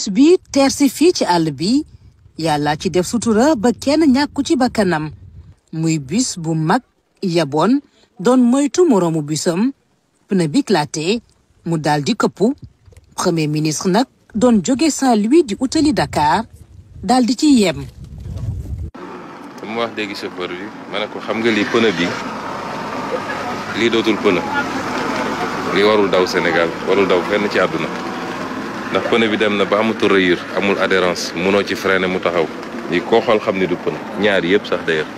bis bi teer si fii ci àll bi yàlla ci def sutura ba kenn ñàkku ci bakkanam muy bis bu mag yaboon doon moytu moroomu bisam pneu bi éclaté mu daldi këppu premier ministre nag doon jóge Saint-Louis di utali Dakar daldi ci yem. mu wax dégg chauffeur bi ma ne ko xam nga lii pneu bi lii dootul pneu lii warul daw Sénégal warul daw fenn ci àdduna. ndax pneu bi dem na ba amatul rayure amul adhérence mënoo ci freiner mu taxaw yi koo xool xam ni du pneu ñaari yëpp sax d'ailleurs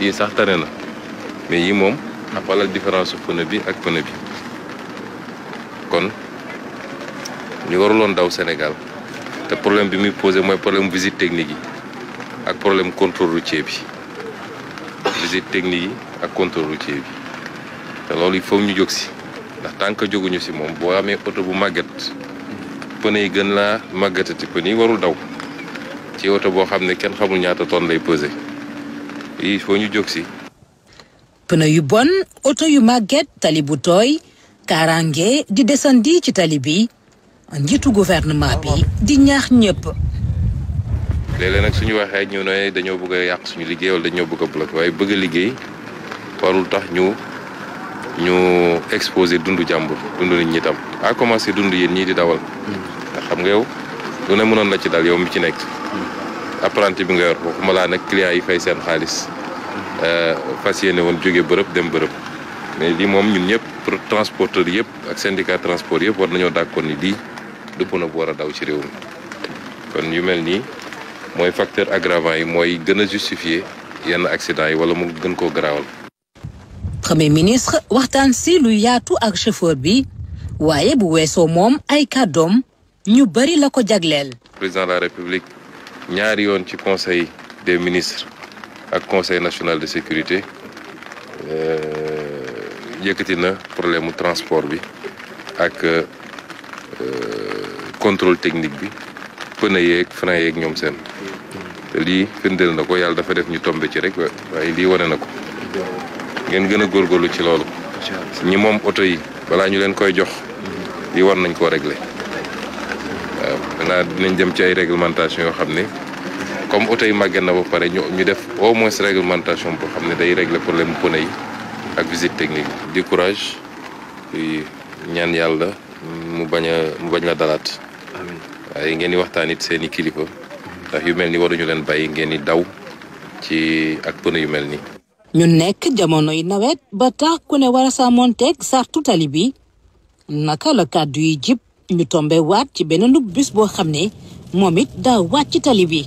yii sax tane na mais yi moom xoolal différence su bi ak pneu bi kon ñu waruloon daw Sénégal te problème bi muy posé mooy problème visite technique yi ak problème contrôle routier bi visite technique yi ak contrôle routier bi te loolu il faut ñu jóg si ndax tant que jóguñu si moom boo amee oto bu màgget pëne yi gën laa màggatati pëne yi warul daw ci oto boo xam ne kenn xamul ñaata tonne lay pesé il faut ñu jóg si. pneu yu bon oto yu màgget tali bu tooy kaaraange di desandi ci tali bi njiitu gouvernement bi di ñaax ñëpp. léeg-léeg nag suñu waxee ñu ne dañoo bëgg yàq suñu liggéey wala dañoo bëgg a waaye bëgg liggéey warul tax ñu ñu exposé dundu jàmbur dundu nit ñi tam à commencer dundu yéen ñii di dawal. Hmm. xam nga yow lu ne mënon la ci dal yow mi ci nekk apprenti bi nga yor waxuma laa nag client yi fay seen xaalis euh, fas yéene woon jóge bërëb dem bërëb mais lii moom ñun ñëpp pour transporteur yëpp ak syndicat transport yëpp war nañoo dàkkoon ni lii du pono bu war a daw ci réew mi kon yu mel nii mooy facteur aggravant yi mooy gën a justifier yenn accident yi wala mu gën koo garaawal premier ministre waxtaan si lu yaatu ak chauffeur bi waaye bu weesoo moom ay kàddoom ñu bari la ko jagleel. président de la république ñaari yoon ci conseil des ministres ak conseil national de sécurité euh, yëkkati na problème mu transport bi ak euh, contrôle technique bi pneu yeeg frein yeeg ñoom seen te lii firndeel na ko yàlla dafa def ñu tombe ci rek waaye lii wane na ko ngeen gën a góorgóorlu ci loolu ñi moom oto yi balaa ñu leen koy jox lii war nañ ko régler xanaa dinañ dem ci ay réglementation yo xamné comme auto yi màgget na ba paré ñu ñu def au moins réglementation boo xamné day régler problème pneu yi ak visite technique di courage ñaan yalla mu baña mu bañ la amin ay ngeen di waxtaan seen kilifa ndax yu melni waru ñu leen bay ngeen di daw ci ak pneu yu melni ñu nekk yi nawet ba tax ku ne war a sàmmonteeg sartu tali bi naka la kaddu yi jip ñu tombe waat ci beneen bis boo xam ne moom it daa wàcc tali bi